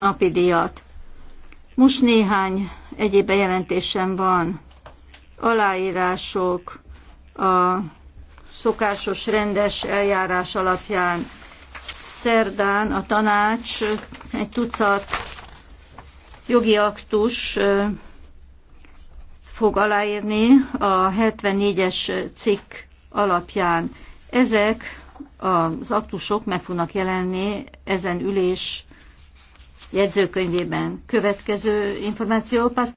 napi díjat. Most néhány egyéb bejelentésem van. Aláírások a szokásos rendes eljárás alapján. Szerdán a tanács egy tucat jogi aktus fog aláírni a 74-es cikk alapján. Ezek az aktusok meg fognak jelenni ezen ülés jegyzőkönyvében. Következő információ,